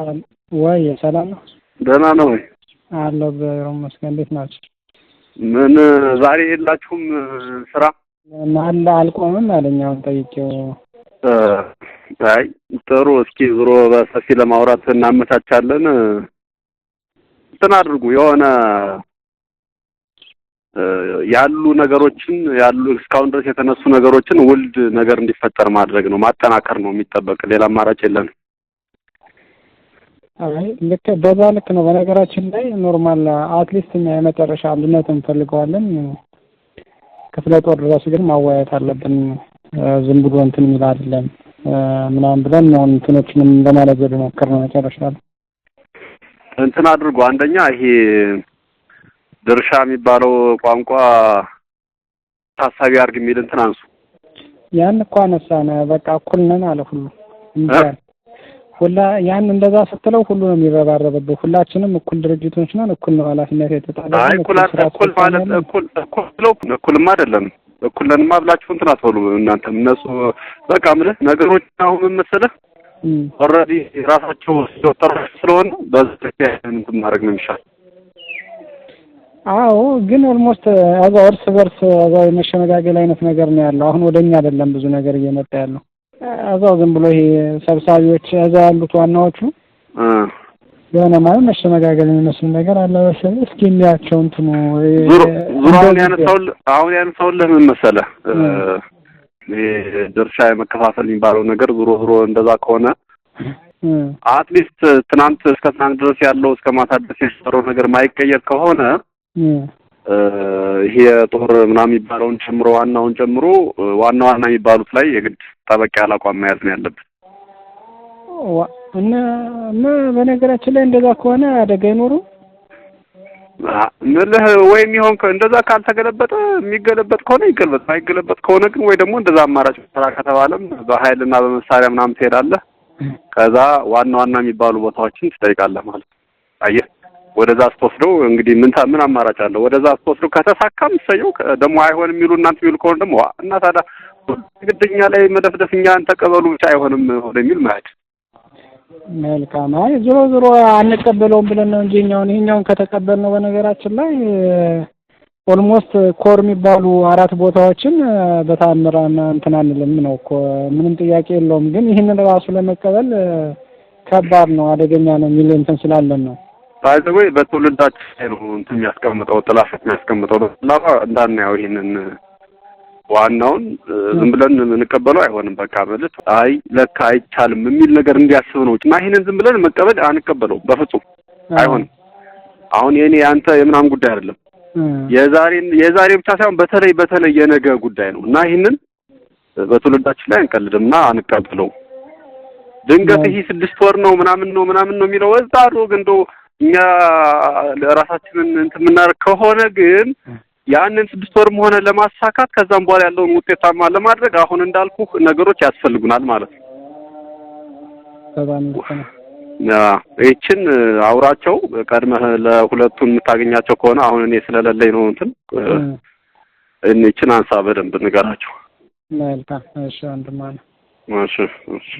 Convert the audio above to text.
ሄሎ ወይ ሰላም ነው። ደህና ነው ወይ? አለሁ እግዚአብሔር ይመስገን። እንዴት ናቸው? ምን ዛሬ የላችሁም ስራ? መሀል አልቆምም አለኝ። አሁን ጠይቄው አይ ጥሩ፣ እስኪ ዞሮ በሰፊ ለማውራት እናመቻቻለን። እንትን አድርጉ የሆነ ያሉ ነገሮችን ያሉ እስካሁን ድረስ የተነሱ ነገሮችን ውልድ ነገር እንዲፈጠር ማድረግ ነው ማጠናከር ነው የሚጠበቅ። ሌላ አማራጭ የለንም። ልክ በዛ ልክ ነው። በነገራችን ላይ ኖርማል አትሊስት እኛ የመጨረሻ አንድነት እንፈልገዋለን። ክፍለ ጦር ድረስ ግን ማወያየት አለብን። ዝም ብሎ እንትን የሚል አይደለም ምናምን ብለን አሁን እንትኖችንም ለማለት ሞክር ነው። መጨረሻ እንትን አድርጎ አንደኛ ይሄ ድርሻ የሚባለው ቋንቋ ታሳቢ አድርግ የሚል እንትን አንሱ። ያን እኮ አነሳን። በቃ እኩል ነን አለ ሁሉ ሁላ ያን እንደዛ ስትለው ሁሉ ነው የሚረባረበበት። ሁላችንም እኩል ድርጅቶች ነን፣ እኩል ነው ኃላፊነት የተጣለ አይ እኩል እኩል ማለት እኩል እኩል ስለው እኩልም አይደለም እኩልንማ ማብላችሁ እንትን አትበሉ እናንተ እነሱ በቃ ምልህ ነገሮች አሁን መሰለህ ኦልሬዲ ራሳቸው ሲወጠሩ ስለሆነ በዚህ እንትን ማድረግ ነው የሚሻል። አዎ ግን ኦልሞስት እርስ በርስ እዛው የመሸመጋገል አይነት ነገር ነው ያለው። አሁን ወደኛ አይደለም ብዙ ነገር እየመጣ ያለው እዛው ዝም ብሎ ይሄ ሰብሳቢዎች እዛ ያሉት ዋናዎቹ የሆነ ማለት መሸመጋገል የሚመስል ነገር አለ መሰለህ። እስኪ የሚያቸው እንትኑ ዙሮውን ያነሳውልህ አሁን ያነሳውልህ ምን መሰለህ ድርሻ የመከፋፈል የሚባለው ነገር ዙሮ ዙሮ እንደዛ ከሆነ አትሊስት ትናንት እስከ ትናንት ድረስ ያለው እስከ ማታ ድረስ የሰራው ነገር ማይቀየር ከሆነ ይሄ የጦር ምናምን የሚባለውን ጨምሮ ዋናውን ጨምሮ ዋና ዋና የሚባሉት ላይ የግድ ጠበቅ ያለ አቋም መያዝ ነው ያለብን እና በነገራችን ላይ እንደዛ ከሆነ አደጋ አይኖሩም ምልህ ወይ የሚሆን እንደዛ ካልተገለበጠ የሚገለበጥ ከሆነ ይገለበጥ፣ ማይገለበጥ ከሆነ ግን ወይ ደግሞ እንደዛ አማራጭ ስራ ከተባለም በኃይልና በመሳሪያ ምናምን ትሄዳለህ። ከዛ ዋና ዋና የሚባሉ ቦታዎችን ትጠይቃለህ ማለት አየህ። ወደዛ አስወስደው እንግዲህ ምን ምን አማራጭ አለው? ወደዛ አስወስደው ከተሳካም ሰየው ደግሞ አይሆን የሚሉ እናንተ የሚሉ ከሆነ ደግሞ እና ታዲያ ግድኛ ላይ መደፍደፍ እኛን ተቀበሉ ብቻ አይሆንም ወደሚል መሄድ መልካም። አይ ዞሮ ዞሮ አንቀበለውም ብለን ነው እንጂ እኛውን ይሄኛውን ከተቀበልነው በነገራችን ላይ ኦልሞስት ኮር የሚባሉ አራት ቦታዎችን በታምራ እንትን አንልም ነው እኮ ምንም ጥያቄ የለውም። ግን ይህንን ራሱ ለመቀበል ከባድ ነው፣ አደገኛ ነው የሚል እንትን ስላለን ነው ባይዘወይ በትውልዳችን ላይ ነው እንትን የሚያስቀምጠው ጥላሸት የሚያስቀምጠው እና እንዳናየው ይሄንን ዋናውን ዝም ብለን የምንቀበለው አይሆንም። በቃ ማለት አይ ለካ አይቻልም የሚል ነገር እንዲያስብ ነው እና ይሄንን ዝም ብለን መቀበል አንቀበለው በፍጹም አይሆንም። አሁን የኔ አንተ የምናምን ጉዳይ አይደለም። የዛሬን የዛሬ ብቻ ሳይሆን በተለይ በተለይ የነገ ጉዳይ ነው እና ይህንን በትውልዳችን ላይ አንቀልድም አንቀበለው። ድንገት ይህ ስድስት ወር ነው ምናምን ነው ምናምን ነው የሚለው እዛ አድሮ ግን እንደው እኛ ራሳችንን እንትን የምናደርግ ከሆነ ግን ያንን ስድስት ወርም ሆነ ለማሳካት ከዛም በኋላ ያለውን ውጤታማ ለማድረግ አሁን እንዳልኩ ነገሮች ያስፈልጉናል ማለት ነው። ይችን አውራቸው ቀድመህ ለሁለቱ የምታገኛቸው ከሆነ አሁን እኔ ስለሌለኝ ነው እንትን ይችን አንሳ፣ በደንብ ንገራቸው። መልካም እሺ፣ ወንድማ ነው። እሺ እሺ